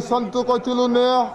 sant ko ci lu neex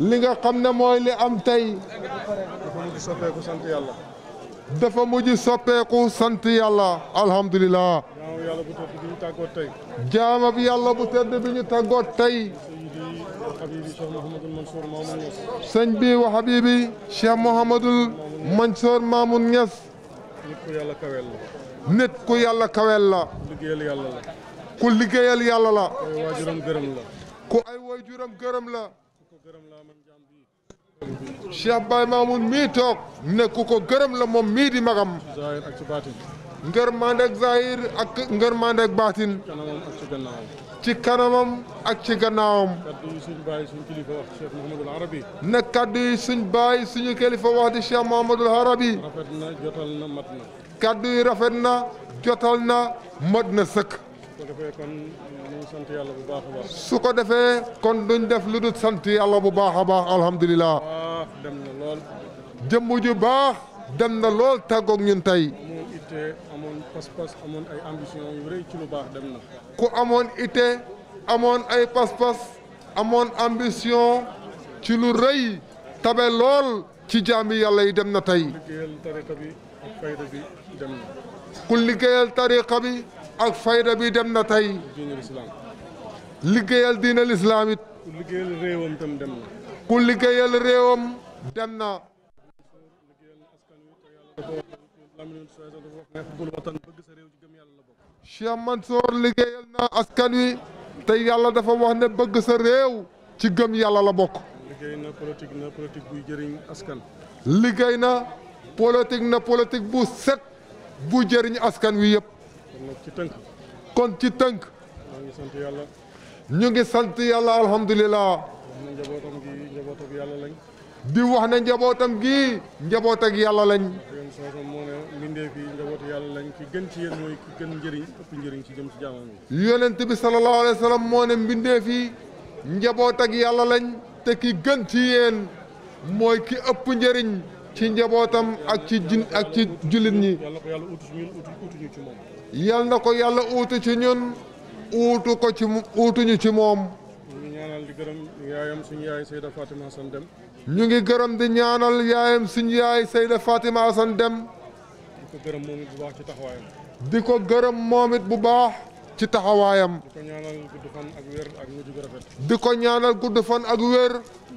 li nga xam ne mooy li am tey nga xam ne mooy li am tey dafa mujj soppeeku sant yàlla dafa mujj yàlla alhamdulilah jaama bi yàlla bu tedd bi ñu tàggoot tey jaama bi wa habibi cheikh mouhamadul mansour mamoun ñes nit ku yàlla kawel la. liggéeyal yàlla ku liggéeyal yàlla la. ku ay waajuram gërëm la. ku ay waajuram gërëm la. Cheikh Baye Mamoun mii toog ne ku ko gërëm la moom mii di magam. Zahir ak ci baatin. ngërmande ak Zahir kanamam ak ci gannaawam. ci kanamam ak ci gannaawam. kaddu yi suñ baay suñ kilifa wax Arabi. ne kaddu yi suñ baay suñu kilifa wax di Cheikh Mouhamadul Arabi. kàddu rafet na jotal na mot na sëkk. su ko defee kon ñu sant yàlla bu su ko defee kon duñ def lu dul sant yàlla bu baax a baax alhamdulilah. dem na jëmm ju baax dem na lool tàggoog ñun tey. amoon itte ay ambition yu rëy dem na. ku amoon ite amoon ay pas-pas amoon ambition ci lu rëy tabe lool ci jaami yàlla yi dem na tey. liggéeyal bi. ak fayda bi dem na. ku liggéeyal tariqa bi ak fayda bi dem na tey. diine lislaam. liggéeyal diine lislaam it. ku liggéeyal réewam tam dem na. ku liggéeyal réewam dem na. Cheikh Mansour liggéeyal na askan wi te yàlla dafa wax ne bëgg sa réew ci gëm yàlla la bokk. liggéey na politique na politique buy jëriñ askan. liggéey na. politique na politique bu set bu jëriñ askan wi yëpp. kon ci tënk. kon ci tënk. ñu ngi sant yàlla. ñu ngi sant yàlla alhamdulilah. njabootam gi njabootak yàlla lañ. di wax ne njabootam gi njabootak yàlla lañ. yéen soosa moo ne mbindeef yi lañ ki gën ci yéen mooy ki gën njëriñ ci jëm ci jaamam yi. yonent bi sallallahu alayhi wa moo ne mbindeef yi njabootak yàlla lañ te ki gën ci yéen mooy ki ëpp njëriñ. ci njabootam ak ci jin ak ci jullit ñi. yal na ko yàlla uutu ci ñun uutu ko ci uutuñu ci moom. ñu ngi ñaanal di gërëm yaayam suñu yaay Seyda Fatima Assane Deme. ñu ngi gërëm di ñaanal yaayam suñu yaay Seyda Fatima Assane Deme. di ko gërëm moom bu baax ci taxawaayam. di ko gërëm moom it bu baax. ci taxawaayam. ko ñaanal gudd fan ak wér ak mujj rafet. di ko ñaanal gudd fan ak wér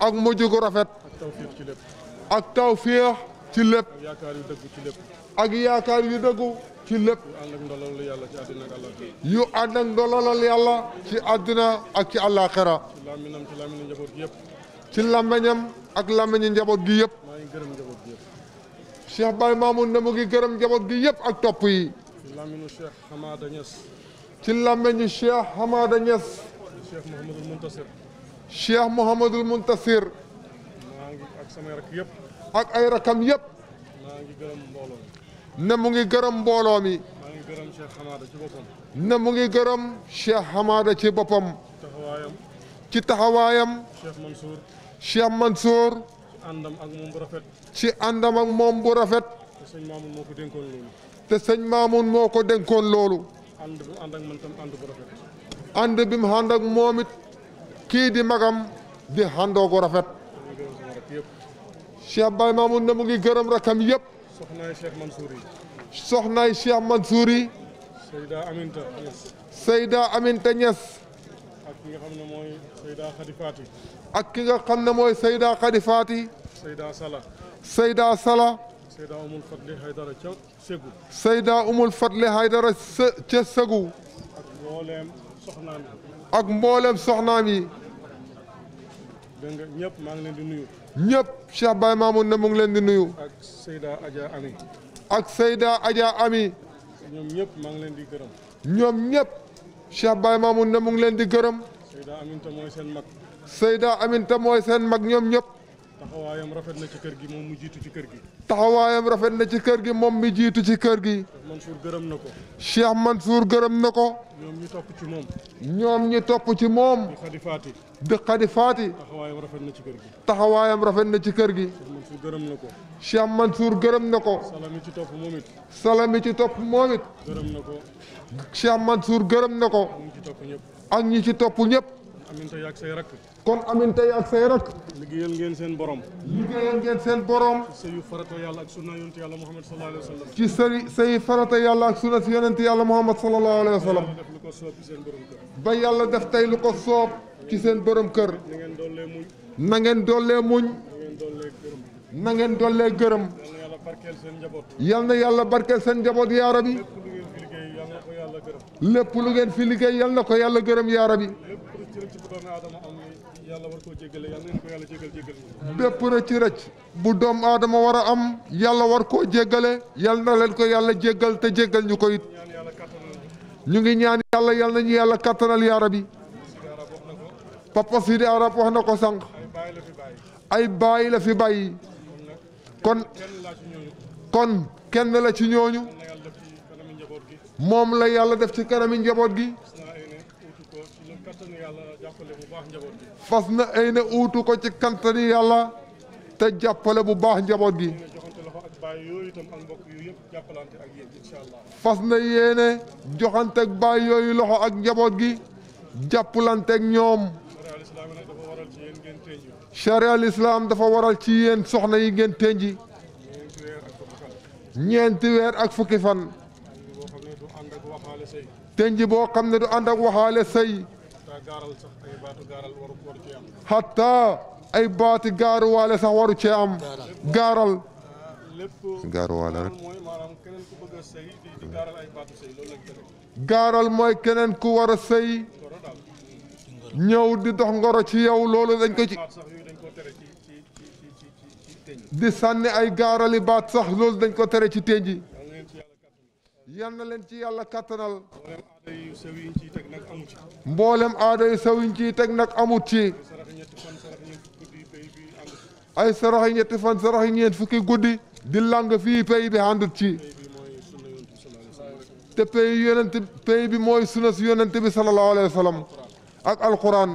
ak mujj gu rafet. ak ci lépp. ak tawféex ci lépp. ak yaakaar yu ci lépp. yaakaar yu dëggu ci lépp. yu ànd ak ndololal yàlla ci àddina ak àllaaxira. yu ànd yàlla ci àddina ak ci àllaaxira. ci ci làmmiñu njaboot gi yëpp. ci làmmiñam ak làmmiñu njaboot gi yëpp. maa ngi gërëm njaboot gi yëpp. Cheikh gi yëpp ak topp yi. ci làmmiñu Cheikh Hamada Niass. ci làmmiñu Cheikh ak samay ak ay rakam yëpp. maa ne mu ngi gërëm mbooloo mi. maa ngi gërëm Cheikh Hamada ci boppam. ne mu ngi gërëm Cheikh Hamada ci boppam. taxawaayam. ci taxawaayam. Cheikh Mansour. Cheikh Mansour. àndam ak moom bu rafet. ci àndam ak moom bu rafet. te sëñ Mamoun moo ko dénkoon loolu. sëñ Mamoun moo ko dénkoon loolu. ànd bi ànd rafet. ànd bi mu ànd ak moom kii di magam di àndoo gu rafet. Cheikh Baye Mamoun ne mu ngi gërëm rakam yëpp. soxnaay Cheikh Mansour yi. soxnaay Cheikh Mansour yi. Seyda Aminta Niass. Seyda Aminta Niass. ak ki nga xam ne mooy Seyda Khady Fati. ak ki nga xam ne mooy Seyda Khady Fati. Seyda Sala. sayda Sala. Seyda Umul Fadli Haydara ca Ségou. Seyda Umul Fadli Haydara ca Ségou. ak mbooleem soxnaam yi. ñëpp maa ngi leen di nuyu. ñëpp Cheikh Baye Mamoun na mu ngi leen di nuyu. ak Seyda Adja Ami. ak Seyda Adja Ami. ñoom ñëpp maa ngi leen di gërëm. ñoom ñëpp Cheikh Baye Mamoun na mu ngi leen di gërëm. Seyda Aminta mooy seen mag. Seyda Aminta mooy seen mag ñoom ñëpp. taxawaayam rafet na ci kër gi moom mu jiitu ci kër gi. taxawaayam rafet na ci kër gi moom mi jiitu ci kër gi. Cheikh Mansour gërëm na ko. Cheikh Mansour gërëm na ko. ñoom ñu topp ci moom. ñoom ñu topp ci moom. di xadifaati. di xadifaati. taxawaayam rafet na ci kër gi. taxawaayam rafet na ci kër gi. Cheikh Mansour gërëm na ko. Cheikh Mansour gërëm na ko. salami ci topp moom it. salami ci topp moom it. gërëm na ko. Cheikh Mansour gërëm na ko. ak ñi ci topp ñëpp. aminte yaag say rakk. kon aminte yaag say rakk. liggéeyal ngeen seen borom. liggéeyal ngeen seen borom. ci sëyu farata yàlla ak sunna yonent yàlla Muhammad sallallahu alayhi wa sallam. ci sëy sëyu farata yàlla ak sunna yonent yàlla Muhammad sallallahu alayhi wa sallam. ba yàlla def tey lu ko soob ci seen borom kër. na ngeen dollee muñ. na ngeen dollee muñ. na ngeen dollee gërëm. yal na yàlla barkeel seen njaboot yaa Rabbi lépp lu ngeen fi liggéey yal na ko yàlla gërëm yaa Rabbi rëcc yàlla war koo jéggale yàlla nañu ko yàlla jégal jégal bépp rëcc rëcc bu doomu aadama war a am yàlla war koo jéggale yàlla na leen ko yàlla jéggal te jéggal ñu ko it ñu ngi ñaan yàlla yàlla nañu yàlla kattanal yaara bi papa Sidi Arab wax na ko sànq ay bàyyi la fi bàyyi kon kon kenn la ci ñooñu moom la yàlla def ci kanami njaboot gi fas na ay ne uutu ko ci kantani yàlla te jàppale bu baax njaboot gi. fas na yéene joxante ak yooyu loxo ak njaboot gi jàppalante ñoom. charia al dafa waral ci yéen soxna yi ngeen tënji. ñeenti weer ak fukki fan. tënji boo xam ne du ànd ak waxaale sëy. gaaral sax ay baatu gaaral waru waru cee am. hatta ay baati gaaruwaale sax waru cee am. gaaral gaaruwaale rek. gaaral mooy keneen ku war a sëy. ñëw di dox ngoro ci yow loolu dañ ko ci. di sànni ay gaarali baat sax loolu dañ ko tere ci téen ji yal na leen ci yàlla kàttanal. mboolem aada yi sawiñ ciy teg nag amut ci ay sarax yi ñetti fan sarax yi ñeent fukki guddi di lang fii pay bi àndut ci te pay yonent pay bi mooy suna si yonent bi sallallahu alayhi wa sallam ak alquran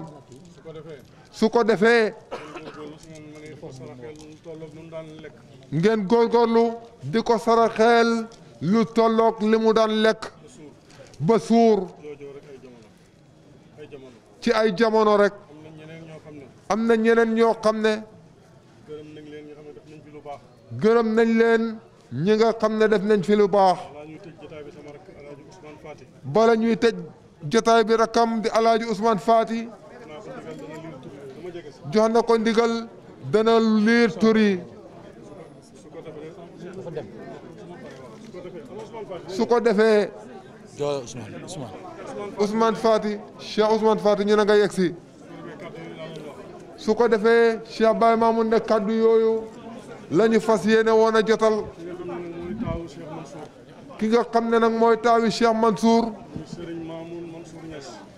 su ko defee ngeen góorgóorlu di ko saraxeel lu tolloog li mu daan lekk ba suur ci ay jamono rek am na ñeneen ñoo xam ne gërëm nañ leen ñi nga xam ne def nañ fi lu baax bala ñuy tëj jotaay bi rakam di alaaji Ousmane Faty jox na ko ndigal dana liir tur su ko defee. Ousmane Fati Cheikh Ousmane Fati ñu ne nga yegg si su ko defee Cheikh Baye Mamoun ne kàddu yooyu la fas yéene woon a jotal ki nga xam ne nag mooy taawi Cheikh Mansour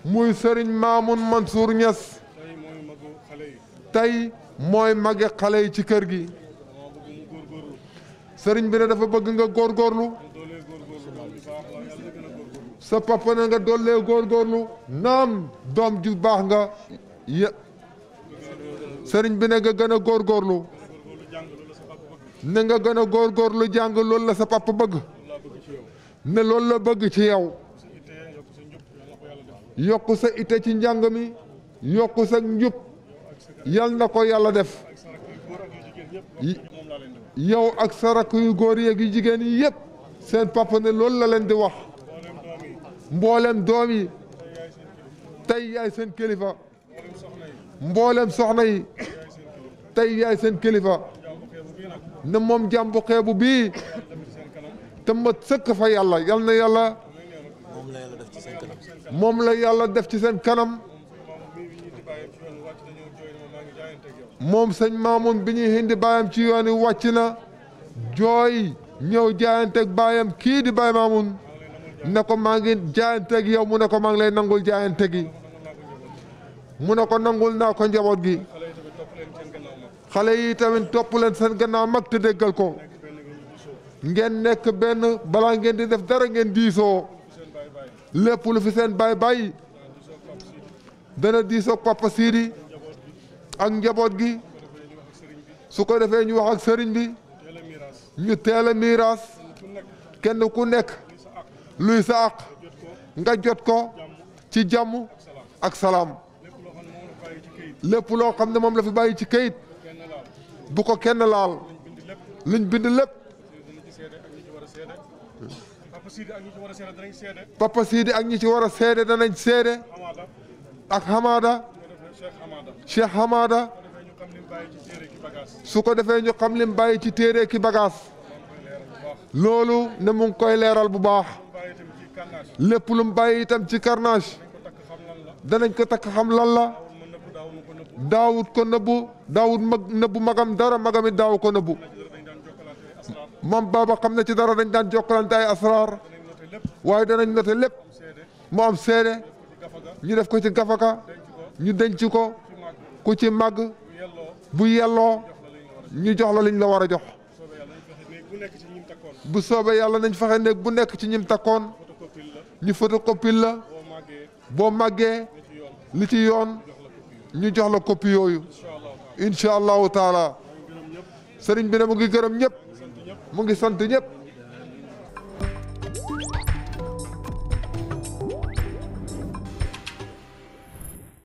muy sëriñ Serigne Mamoun Mansour Niass tey mooy mage xale yi ci kër gi sëriñ bi ne dafa bëgg nga góorgóorlu. sa papa na nga dollee góorgóorlu naam doom ju baax nga ya bi na nga gën a góorlu na nga gën a góorgóorlu jàng loolu la sa papa bëgg ne loolu la bëgg ci yow yokk sa ite ci njàng mi yokk sa njub yal na ko yàlla def yow ak sa rakk yu góor yeeg yu jigéen yi yëpp seen papa ne loolu la leen di wax mboolem doom yi tey yaay seen kilifa mboolem soxna yi tey yaay seen kilifa ne moom jàmbu xeebu bii te sëkk fa yàlla yal na yàlla moom la yàlla def ci seen kanam moom sëñ Maamun bi ñuy hindi baayam ci yoon yi wàcc na jooy ñëw jaayanteeg baayam kii di baay Maamun ne ko maa ngi jaayante ak yow mu ne ko maa ngi lay nangul jaayante gi mu ne ko nangul naa ko njaboot gi xale yi tamit topp leen seen gannaaw mag te déggal ko ngeen nekk benn balaa ngeen di def dara ngeen diisoo lépp lu fi seen baay baay dana diisoo papa siidi ak njaboot gi su ko defee ñu wax ak sëriñ bi ñu teel a kenn ku nekk. luy sa nga jot ko ci jàmm ak salaam lépp loo xam ne moom la fi bàyyi ci kayit bu ko kenn laal luñ bind lépp papa siidi ak ñi ci war a seede danañ seede ak Hamada Cheikh Hamada su ko defee ñu xam lim bàyyi ci téere ki bagaas loolu ne mu ngi koy leeral bu baax lépp lu mu bàyyi itam ci carnage danañ ko takk xam lan la daawut ko nëbbu daawut mag nëbbu magam dara magami daaw ko nëbbu moom baaba xam na ci dara dañ daan jokkalante ay asraar waaye danañ note lépp mu am seede ñu def ko ci gafaka ñu deñc ko ku ci màgg bu yelloo ñu jox la liñ la war a jox bu soobee yàlla nañ fexe néeg bu nekk ci ñim takkoon ñu photocopie la boo màggee li ci yoon ñu jox la copie yooyu incha allahu taala sëriñ bi ne mu ngi gërëm ñëpp mu ngi sant ñëpp